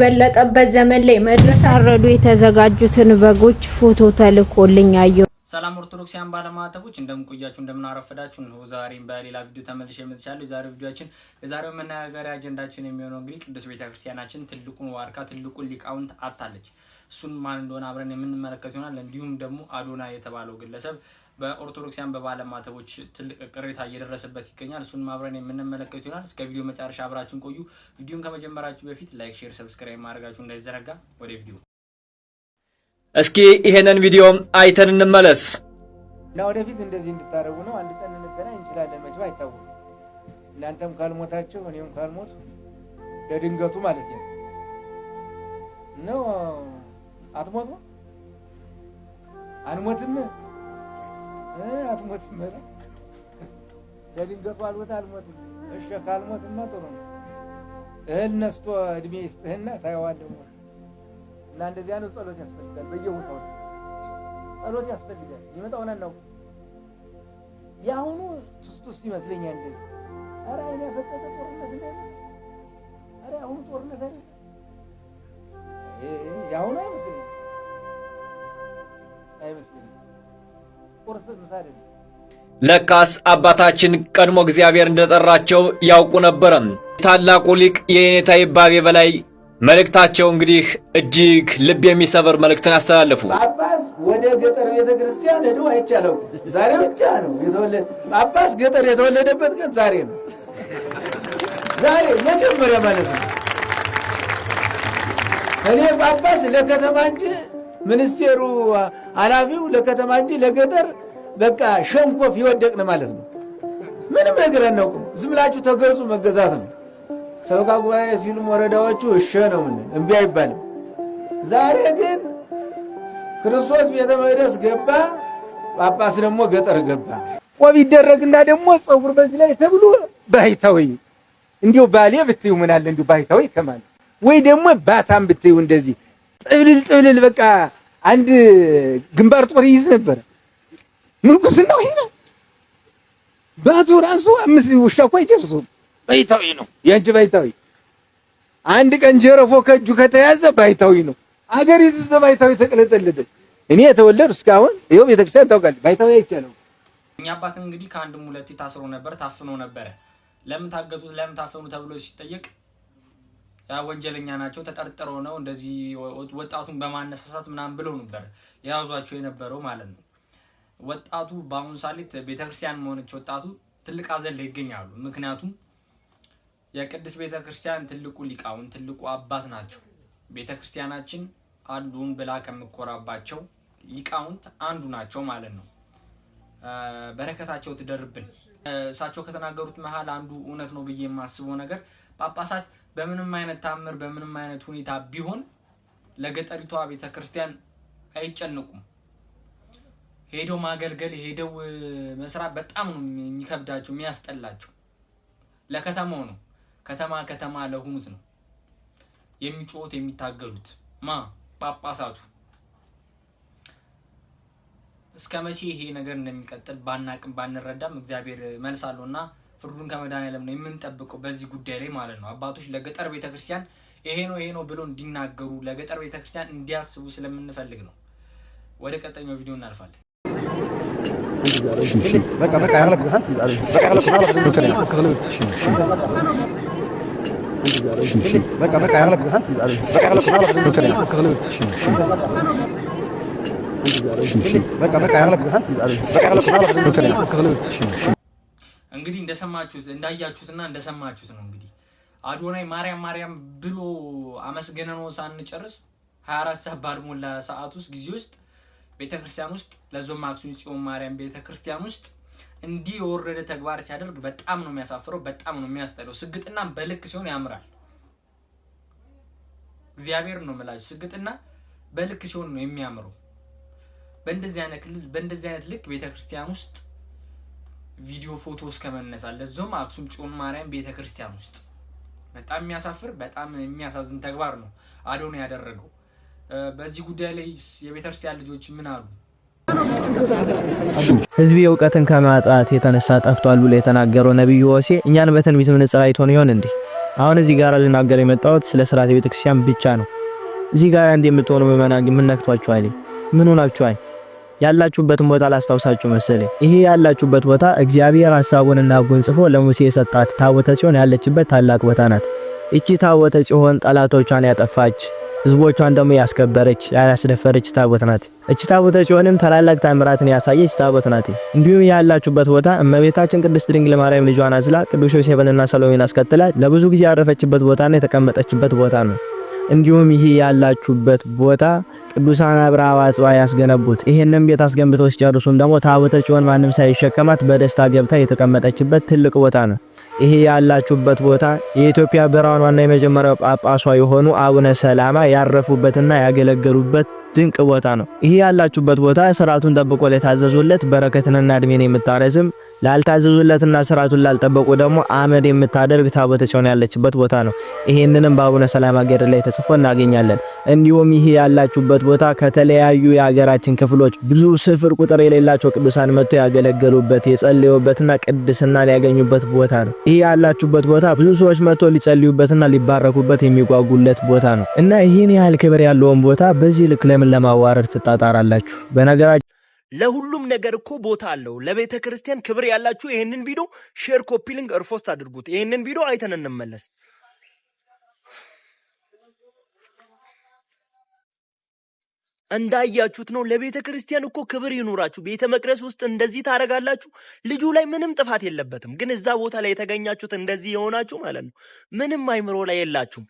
በለጠበት ዘመን ላይ መድረስ አረዱ የተዘጋጁትን በጎች ፎቶ ተልኮልኝ አየሁ። ሰላም ኦርቶዶክሲያን ባለማዕተቦች እንደምንቆያችሁ እንደምናረፈዳችሁ ነው። ዛሬም በሌላ ቪዲዮ ተመልሼ መጥቻለሁ። የዛሬው ቪዲዮችን የዛሬው መነጋገሪያ አጀንዳችን የሚሆነው እንግዲህ ቅዱስ ቤተክርስቲያናችን ትልቁን ዋርካ ትልቁን ሊቃውንት አታለች። እሱን ማን እንደሆነ አብረን የምንመለከት ይሆናል። እንዲሁም ደግሞ አዶና የተባለው ግለሰብ በኦርቶዶክሲያን በባለማተቦች ትልቅ ቅሬታ እየደረሰበት ይገኛል። እሱን ማብረን የምንመለከት ይሆናል። እስከ ቪዲዮ መጨረሻ አብራችን ቆዩ። ቪዲዮን ከመጀመራችሁ በፊት ላይክ፣ ሼር፣ ሰብስክራይብ ማድረጋችሁ እንዳይዘነጋ። ወደ ቪዲዮ እስኪ ይሄንን ቪዲዮ አይተን እንመለስ እና ወደፊት እንደዚህ እንድታደረጉ ነው። አንድ ቀን እንገናኝ እንችላለን። መቼም አይታወቅም። እናንተም ካልሞታችሁ እኔም ካልሞት ለድንገቱ ማለት ነው ነው አትሞቱ አንሞትም አትሞትም በለ ለድንገቱ አልሞት አልሞትም። እሺ ካልሞትማ ጥሩ ነው። እህል ነስቶ እድሜ ይስጥህና ታየዋለህ ሞት እና እንደዚያ ነው። ጸሎት ያስፈልጋል። በየቦታው ጸሎት ያስፈልጋል። አናውቅም። የአሁኑ ይመስለኛል እንደዚህ ኧረ አይን ያፈጠጠ ጦርነት ነ ኧረ አሁኑ ጦርነት የአሁኑ አይመስለኝም አይመስለኝም ለካስ አባታችን ቀድሞ እግዚአብሔር እንደጠራቸው ያውቁ ነበረም። ታላቁ ሊቅ የኔታ ይባቤ በላይ መልእክታቸው እንግዲህ እጅግ ልብ የሚሰብር መልእክትን አስተላለፉ። ጳጳስ ወደ ገጠር ቤተ ክርስቲያን ሄዶ አይቻለው። ዛሬ ብቻ ነው የተወለደ ጳጳስ ገጠር የተወለደበት ቀን ዛሬ ነው። ዛሬ መጀመሪያ ማለት ነው። እኔ ጳጳስ ለከተማ እንጂ ሚኒስቴሩ ኃላፊው ለከተማ እንጂ ለገጠር በቃ ሸንኮፍ ይወደቅን ማለት ነው። ምንም ነገር አናውቅም። ዝም ብላችሁ ተገዙ መገዛት ነው። ሰበካ ጉባኤ ሲሉም ወረዳዎቹ እሸ ነው ምን እምቢ አይባልም። ዛሬ ግን ክርስቶስ ቤተ መቅደስ ገባ፣ ጳጳስ ደግሞ ገጠር ገባ። ቆብ ይደረግና ደግሞ ጸጉር በዚህ ላይ ተብሎ ባይታዊ እንዲሁ ባሌ ብትዩ ምን አለ እንዲሁ ባይታዊ ከማለት ወይ ደግሞ ባታም ብትዩ እንደዚህ ጥብልል ጥብልል በቃ አንድ ግንባር ጦር ይይዝ ነበር። ምንኩስናው ይሄ ነው። ባቱ ራሱ አምስት ውሻ እኮ አይጨርሱም። ባይታዊ ነው ያንቺ ባይታዊ። አንድ ቀን ጀረፎ ከእጁ ከተያዘ ባይታዊ ነው። አገሪቱ በባይታዊ ተቀለጠለደች። እኔ የተወለዱ እስካሁን ይኸው ቤተክርስቲያን ታውቃለች። ባይታዊ አይቻለው። እኛ አባት እንግዲህ ከአንድም ሁለቴ ታስሮ ነበር፣ ታፍኖ ነበረ። ለምን ታገቱት፣ ለምን ታፈኑ ተብሎ ሲጠየቅ ያ ወንጀለኛ ናቸው ተጠርጥረው ነው እንደዚህ ወጣቱን በማነሳሳት ምናምን ብለው ነበር የያዟቸው የነበረው ማለት ነው። ወጣቱ በአሁኑ ሳሌት ቤተክርስቲያን መሆነች ወጣቱ ትልቅ አዘል ላይ ይገኛሉ። ምክንያቱም የቅድስት ቤተክርስቲያን ትልቁ ሊቃውን ትልቁ አባት ናቸው። ቤተክርስቲያናችን አሉን ብላ ከምኮራባቸው ሊቃውንት አንዱ ናቸው ማለት ነው። በረከታቸው ትደርብን። እሳቸው ከተናገሩት መሀል አንዱ እውነት ነው ብዬ የማስበው ነገር ጳጳሳት በምንም አይነት ታምር በምንም አይነት ሁኔታ ቢሆን ለገጠሪቷ ቤተክርስቲያን አይጨንቁም። ሄደው ማገልገል ሄደው መስራት በጣም ነው የሚከብዳቸው የሚያስጠላቸው። ለከተማው ነው ከተማ ከተማ ለሆኑት ነው የሚጮት የሚታገሉት። ማ ጳጳሳቱ እስከ መቼ ይሄ ነገር እንደሚቀጥል ባናቅም ባንረዳም እግዚአብሔር መልስ አለው እና ፍርዱን ከመድኃኔዓለም ነው የምንጠብቀው በዚህ ጉዳይ ላይ ማለት ነው። አባቶች ለገጠር ቤተክርስቲያን ይሄ ነው ይሄ ነው ብሎ እንዲናገሩ ለገጠር ቤተክርስቲያን እንዲያስቡ ስለምንፈልግ ነው። ወደ ቀጣኛው ቪዲዮ እናልፋለን። እንግዲህ እንደሰማችሁት እንዳያችሁትና እንደሰማችሁት ነው። እንግዲህ አዶናይ ማርያም ማርያም ብሎ አመስገነኖ ሳንጨርስ 24 ሰዓት ባልሞላ ሰዓት ውስጥ ጊዜ ውስጥ ክርስቲያን ውስጥ ለዞን አክሱም ጽዮን ማርያም ቤተክርስቲያን ውስጥ እንዲህ የወረደ ተግባር ሲያደርግ በጣም ነው የሚያሳፍረው፣ በጣም ነው የሚያስጠለው። ስግጥና በልክ ሲሆን ያምራል። እግዚአብሔር ነው የምላችሁ፣ ስግጥና በልክ ሲሆን ነው የሚያምረው። በእንደዚህ አይነት በእንደዚህ አይነት ልክ ክርስቲያን ውስጥ ቪዲዮ ፎቶ እስከ ለዞም አክሱም ጽዮን ማርያም ቤተክርስቲያን ውስጥ በጣም የሚያሳፍር በጣም የሚያሳዝን ተግባር ነው አዶን ያደረገው። በዚህ ጉዳይ ላይ የቤተክርስቲያን ልጆች ምን አሉ? ህዝብ እውቀትን ከማጣት የተነሳ ጠፍቷል ብሎ የተናገረው ነቢዩ ሆሴዕ እኛን በትንቢት መነጽር አይቶን ይሆን እንዴ? አሁን እዚህ ጋር ልናገር የመጣሁት ስለ ስርዓተ ቤተክርስቲያን ብቻ ነው። እዚህ ጋር አንድ የምትሆኑ ምዕመናን ምን ነክቷችኋል? ምን ሆናችኋል? ያላችሁበትን ቦታ ላስታውሳችሁ መሰለኝ። ይሄ ያላችሁበት ቦታ እግዚአብሔር ሐሳቡንና ሕጉን ጽፎ ለሙሴ የሰጣት ታቦተ ጽዮን ያለችበት ታላቅ ቦታ ናት። እቺ ታቦተ ጽዮን ጠላቶቿን ያጠፋች ህዝቦቿን ደግሞ ያስከበረች ያላስደፈረች ታቦት ናት። እች ታቦተ ጽዮንም ታላላቅ ታምራትን ያሳየች ታቦት ናት። እንዲሁም ያላችሁበት ቦታ እመቤታችን ቅድስት ድንግል ማርያም ልጇን አዝላ ቅዱስ ዮሴፍንና ሰሎሜን አስከትላ ለብዙ ጊዜ ያረፈችበት ቦታና የተቀመጠችበት ቦታ ነው። እንዲሁም ይሄ ያላችሁበት ቦታ ቅዱሳን አብርሃም አጽብሃ ያስገነቡት። ይሄንን ቤት አስገንብተው ሲጨርሱም ደግሞ ታቦተ ጽዮን ማንም ሳይሸከማት በደስታ ገብታ የተቀመጠችበት ትልቅ ቦታ ነው። ይሄ ያላችሁበት ቦታ የኢትዮጵያ ብርሃን ዋና የመጀመሪያው ጳጳሷ የሆኑ አቡነ ሰላማ ያረፉበትና ያገለገሉበት ድንቅ ቦታ ነው። ይሄ ያላችሁበት ቦታ ስርዓቱን ጠብቆ ለታዘዙለት በረከትንና እድሜን የምታረዝም ላልታዘዙለትና ስርዓቱን ላልጠበቁ ደግሞ አመድ የምታደርግ ታቦተ ሲሆን ያለችበት ቦታ ነው። ይሄንንም በአቡነ ሰላማ ገድል ላይ ተጽፎ እናገኛለን። እንዲሁም ይህ ያላችሁበት ቦታ ከተለያዩ የሀገራችን ክፍሎች ብዙ ስፍር ቁጥር የሌላቸው ቅዱሳን መጥቶ ያገለገሉበት የጸለዩበትና ቅድስና ያገኙበት ቦታ ነው። ይሄ ያላችሁበት ቦታ ብዙ ሰዎች መጥቶ ሊጸልዩበትና ሊባረኩበት የሚጓጉለት ቦታ ነው እና ይህን ያህል ክብር ያለውን ቦታ በዚህ ልክ ለምን ለማዋረድ ትጣጣራላችሁ? በነገራችሁ ለሁሉም ነገር እኮ ቦታ አለው። ለቤተ ክርስቲያን ክብር ያላችሁ ይህንን ቪዲዮ ሼር፣ ኮፒ ሊንክ፣ እርፎስት አድርጉት። ይህንን ቪዲዮ አይተን እንመለስ። እንዳያችሁት ነው። ለቤተ ክርስቲያን እኮ ክብር ይኑራችሁ። ቤተ መቅደስ ውስጥ እንደዚህ ታደርጋላችሁ። ልጁ ላይ ምንም ጥፋት የለበትም፣ ግን እዛ ቦታ ላይ የተገኛችሁት እንደዚህ የሆናችሁ ማለት ነው ምንም አይምሮ ላይ የላችሁም።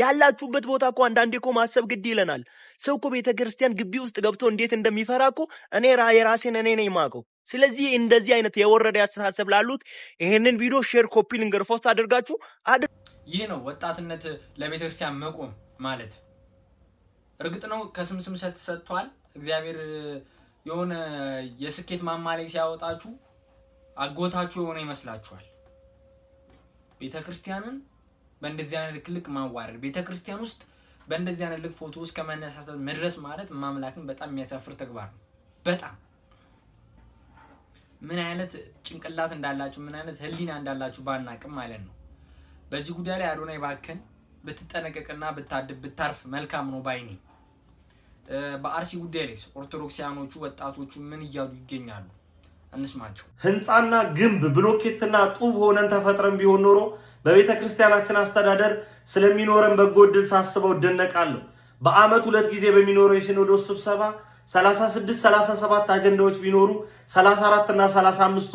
ያላችሁበት ቦታ እኮ አንዳንዴ እኮ ማሰብ ግድ ይለናል። ሰው እኮ ቤተ ክርስቲያን ግቢ ውስጥ ገብቶ እንዴት እንደሚፈራ እኮ እኔ የራሴን እኔ ነኝ የማውቀው። ስለዚህ እንደዚህ አይነት የወረደ አስተሳሰብ ላሉት ይህንን ቪዲዮ ሼር፣ ኮፒ ሊንክ፣ ፖስት አድርጋችሁ ይህ ነው ወጣትነት ለቤተ ክርስቲያን መቆም ማለት። እርግጥ ነው ከስምስም ሰጥቷል እግዚአብሔር። የሆነ የስኬት ማማ ላይ ሲያወጣችሁ አጎታችሁ የሆነ ይመስላችኋል ቤተ ክርስቲያንን በእንደዚህ አይነት ክልክ ማዋረድ ቤተክርስቲያን ውስጥ በእንደዚህ አይነት ልክ ፎቶ ውስጥ ከመነሳሳት መድረስ ማለት ማምላክን በጣም የሚያሳፍር ተግባር ነው። በጣም ምን አይነት ጭንቅላት እንዳላችሁ ምን አይነት ህሊና እንዳላችሁ ባናቅም ማለት ነው። በዚህ ጉዳይ ላይ አዶናይ ባክን ብትጠነቀቅና ብታድብ ብታርፍ መልካም ነው ባይኔ። በአርሲ ጉዳይ ላይ ኦርቶዶክሲያኖቹ ወጣቶቹ ምን እያሉ ይገኛሉ? እንስማቸው። ህንፃና ግንብ ብሎኬትና ጡብ ሆነን ተፈጥረን ቢሆን ኖሮ በቤተ ክርስቲያናችን አስተዳደር ስለሚኖረን በጎ ሳስበው እደነቃለሁ። በዓመት ሁለት ጊዜ በሚኖረው የሲኖዶስ ስብሰባ 36 37 አጀንዳዎች ቢኖሩ 34 እና 35ቱ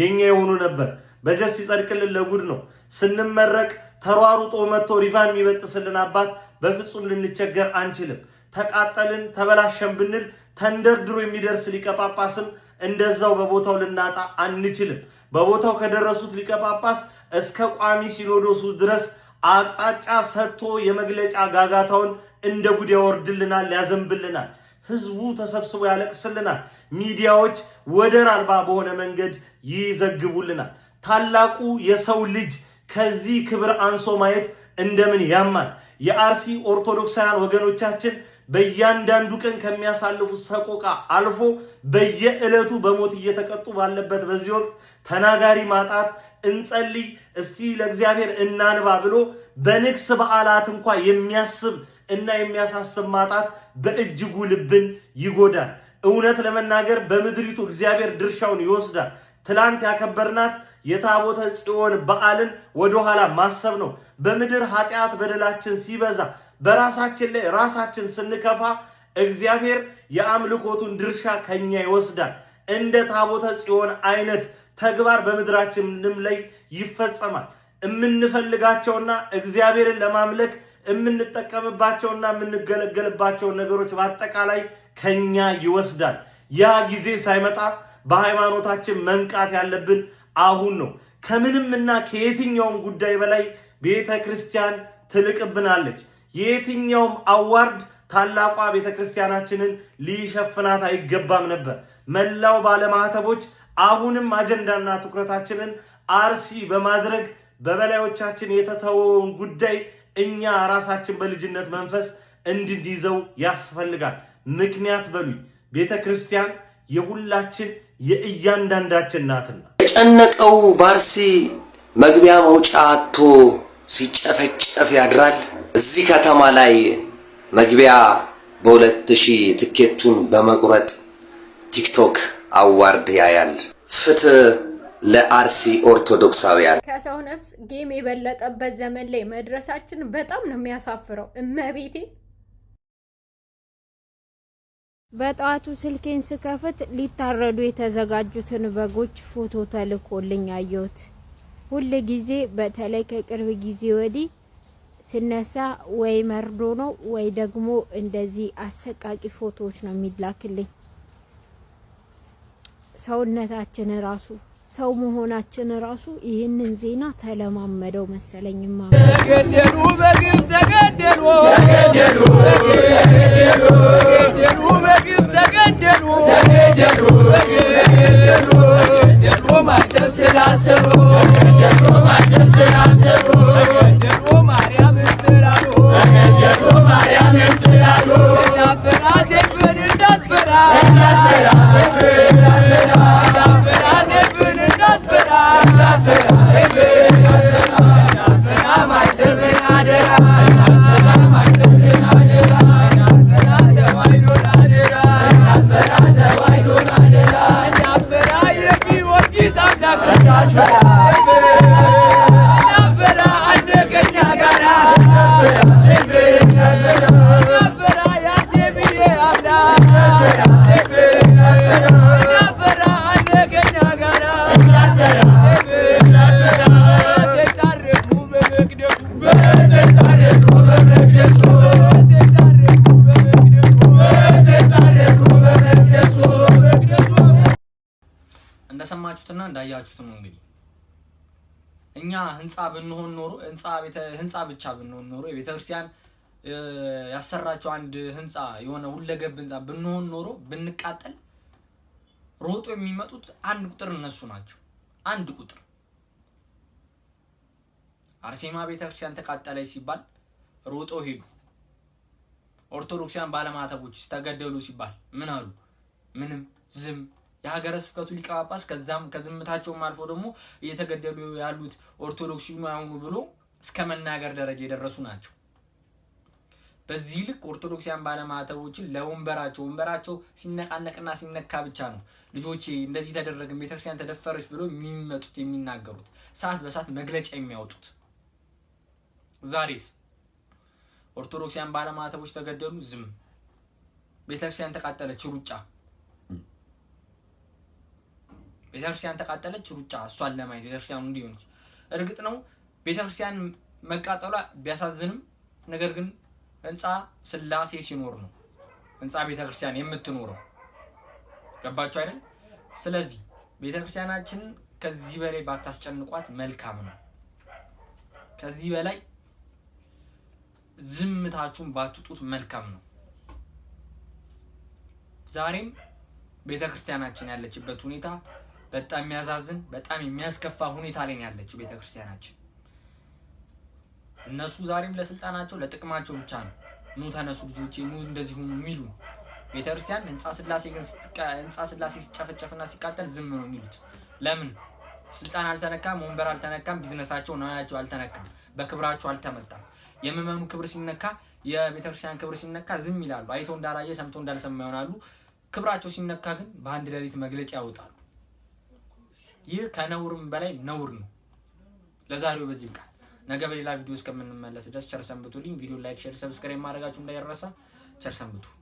የኛ የሆኑ ነበር። በጀት ሲጸድቅልን ለጉድ ነው። ስንመረቅ ተሯሩጦ መጥቶ ሪቫን የሚበጥስልን አባት በፍጹም ልንቸገር አንችልም። ተቃጠልን ተበላሸን ብንል ተንደርድሮ የሚደርስ ሊቀ እንደዛው በቦታው ልናጣ አንችልም። በቦታው ከደረሱት ሊቀ ጳጳስ እስከ ቋሚ ሲኖዶሱ ድረስ አቅጣጫ ሰጥቶ የመግለጫ ጋጋታውን እንደ ጉድ ያወርድልናል፣ ያዘንብልናል። ህዝቡ ተሰብስቦ ያለቅስልናል። ሚዲያዎች ወደር አልባ በሆነ መንገድ ይዘግቡልናል። ታላቁ የሰው ልጅ ከዚህ ክብር አንሶ ማየት እንደምን ያማል! የአርሲ ኦርቶዶክሳውያን ወገኖቻችን በእያንዳንዱ ቀን ከሚያሳልፉት ሰቆቃ አልፎ በየዕለቱ በሞት እየተቀጡ ባለበት በዚህ ወቅት ተናጋሪ ማጣት እንጸልይ እስቲ ለእግዚአብሔር እናንባ ብሎ በንግስ በዓላት እንኳ የሚያስብ እና የሚያሳስብ ማጣት በእጅጉ ልብን ይጎዳል። እውነት ለመናገር በምድሪቱ እግዚአብሔር ድርሻውን ይወስዳል። ትላንት ያከበርናት የታቦተ ጽዮን በዓልን ወደኋላ ማሰብ ነው። በምድር ኃጢአት በደላችን ሲበዛ በራሳችን ላይ ራሳችን ስንከፋ እግዚአብሔር የአምልኮቱን ድርሻ ከኛ ይወስዳል። እንደ ታቦተ ጽዮን አይነት ተግባር በምድራችንም ላይ ይፈጸማል። የምንፈልጋቸውና እግዚአብሔርን ለማምለክ የምንጠቀምባቸውና የምንገለገልባቸው ነገሮች በአጠቃላይ ከኛ ይወስዳል። ያ ጊዜ ሳይመጣ በሃይማኖታችን መንቃት ያለብን አሁን ነው። ከምንም እና ከየትኛውም ጉዳይ በላይ ቤተ ክርስቲያን ትልቅብናለች። የየትኛውም አዋርድ ታላቋ ቤተ ክርስቲያናችንን ሊሸፍናት አይገባም ነበር። መላው ባለማዕተቦች አሁንም አጀንዳና ትኩረታችንን አርሲ በማድረግ በበላዮቻችን የተተወውን ጉዳይ እኛ ራሳችን በልጅነት መንፈስ እንድንይዘው ያስፈልጋል። ምክንያት በሉኝ፣ ቤተ ክርስቲያን የሁላችን የእያንዳንዳችን ናትና የጨነቀው ባርሲ መግቢያ መውጫ አቶ ሲጨፈጨፍ ያድራል። እዚህ ከተማ ላይ መግቢያ በሁለት ሺህ ትኬቱን በመቁረጥ ቲክቶክ አዋርድ ያያል። ፍትህ ለአርሲ ኦርቶዶክሳውያን። ከሰው ነፍስ ጌም የበለጠበት ዘመን ላይ መድረሳችን በጣም ነው የሚያሳፍረው። እመቤቴ በጠዋቱ ስልኬን ስከፍት ሊታረዱ የተዘጋጁትን በጎች ፎቶ ተልኮልኝ አየሁት። ሁል ጊዜ በተለይ ከቅርብ ጊዜ ወዲህ ስነሳ ወይ መርዶ ነው ወይ ደግሞ እንደዚህ አሰቃቂ ፎቶዎች ነው የሚላክልኝ። ሰውነታችን ራሱ ሰው መሆናችን ራሱ ይህንን ዜና ተለማመደው መሰለኝ። ተገደሉ በግፍ ተገደሉ ተገደሉ ተገደሉ ተገደሉ ደግሞ ማጀብ ስላሰቡ ደግሞ ማጀብ ስላሰቡ እንደሰማችሁትና እንዳያችሁት ነው እንግዲህ እኛ ህንፃ ብንሆን ኖሮ ህንፃ ብቻ ብንሆን ኖሮ የቤተክርስቲያን ያሰራቸው አንድ ህንፃ የሆነ ሁለገብ ህንፃ ብንሆን ኖሮ ብንቃጠል ሮጦ የሚመጡት አንድ ቁጥር እነሱ ናቸው። አንድ ቁጥር አርሴማ ቤተክርስቲያን ተቃጠለች ሲባል ሮጦ ሄዱ። ኦርቶዶክሲያን ባለማተቦች ተገደሉ ሲባል ምን አሉ? ምንም ዝም የሀገረ ስብከቱ ሊቀ ጳጳስ ከዛም ከዝምታቸውም አልፎ ደግሞ እየተገደሉ ያሉት ኦርቶዶክስ ያሁኑ ብሎ እስከ መናገር ደረጃ የደረሱ ናቸው። በዚህ ልክ ኦርቶዶክሲያን ባለማዕተቦችን ለወንበራቸው ወንበራቸው ሲነቃነቅና ሲነካ ብቻ ነው ልጆቼ እንደዚህ ተደረገ ቤተክርስቲያን ተደፈረች ብሎ የሚመጡት የሚናገሩት፣ ሰዓት በሰዓት መግለጫ የሚያወጡት። ዛሬስ ኦርቶዶክሲያን ባለማዕተቦች ተገደሉ፣ ዝም ቤተክርስቲያን ተቃጠለች፣ ሩጫ ቤተክርስቲያን ተቃጠለች፣ ሩጫ እሷን ለማየት ቤተክርስቲያኑ እንዲሆነች። እርግጥ ነው ቤተክርስቲያን መቃጠሏ ቢያሳዝንም፣ ነገር ግን ህንፃ ስላሴ ሲኖር ነው ህንፃ ቤተክርስቲያን የምትኖረው። ገባችሁ አይደል? ስለዚህ ቤተክርስቲያናችንን ከዚህ በላይ ባታስጨንቋት መልካም ነው። ከዚህ በላይ ዝምታችሁን ባትጡት መልካም ነው። ዛሬም ቤተክርስቲያናችን ያለችበት ሁኔታ በጣም የሚያሳዝን በጣም የሚያስከፋ ሁኔታ ላይ ያለችው ቤተክርስቲያናችን። እነሱ ዛሬም ለስልጣናቸው ለጥቅማቸው ብቻ ነው ኑ ተነሱ ልጆቼ ኑ እንደዚህ ሁኑ የሚሉ ቤተክርስቲያን ህንፃ ስላሴ ግን ህንፃ ስላሴ ሲጨፈጨፍና ሲቃጠል ዝም ነው የሚሉት። ለምን? ስልጣን አልተነካም፣ ወንበር አልተነካም፣ ቢዝነሳቸው ነዋያቸው አልተነካም፣ በክብራቸው አልተመጣም። የምመኑ ክብር ሲነካ፣ የቤተክርስቲያን ክብር ሲነካ ዝም ይላሉ። አይቶ እንዳላየ ሰምቶ እንዳልሰማ ይሆናሉ። ክብራቸው ሲነካ ግን በአንድ ሌሊት መግለጫ ያወጣሉ። ይህ ከነውርም በላይ ነውር ነው። ለዛሬው በዚህ ይብቃል። ነገ በሌላ ቪዲዮ እስከምንመለስ ድረስ ቸር ሰንብቱልኝ። ቪዲዮ ላይክ፣ ሼር፣ ሰብስክራይብ ማድረጋችሁ እንዳይረሳ። ቸር ሰንብቱ።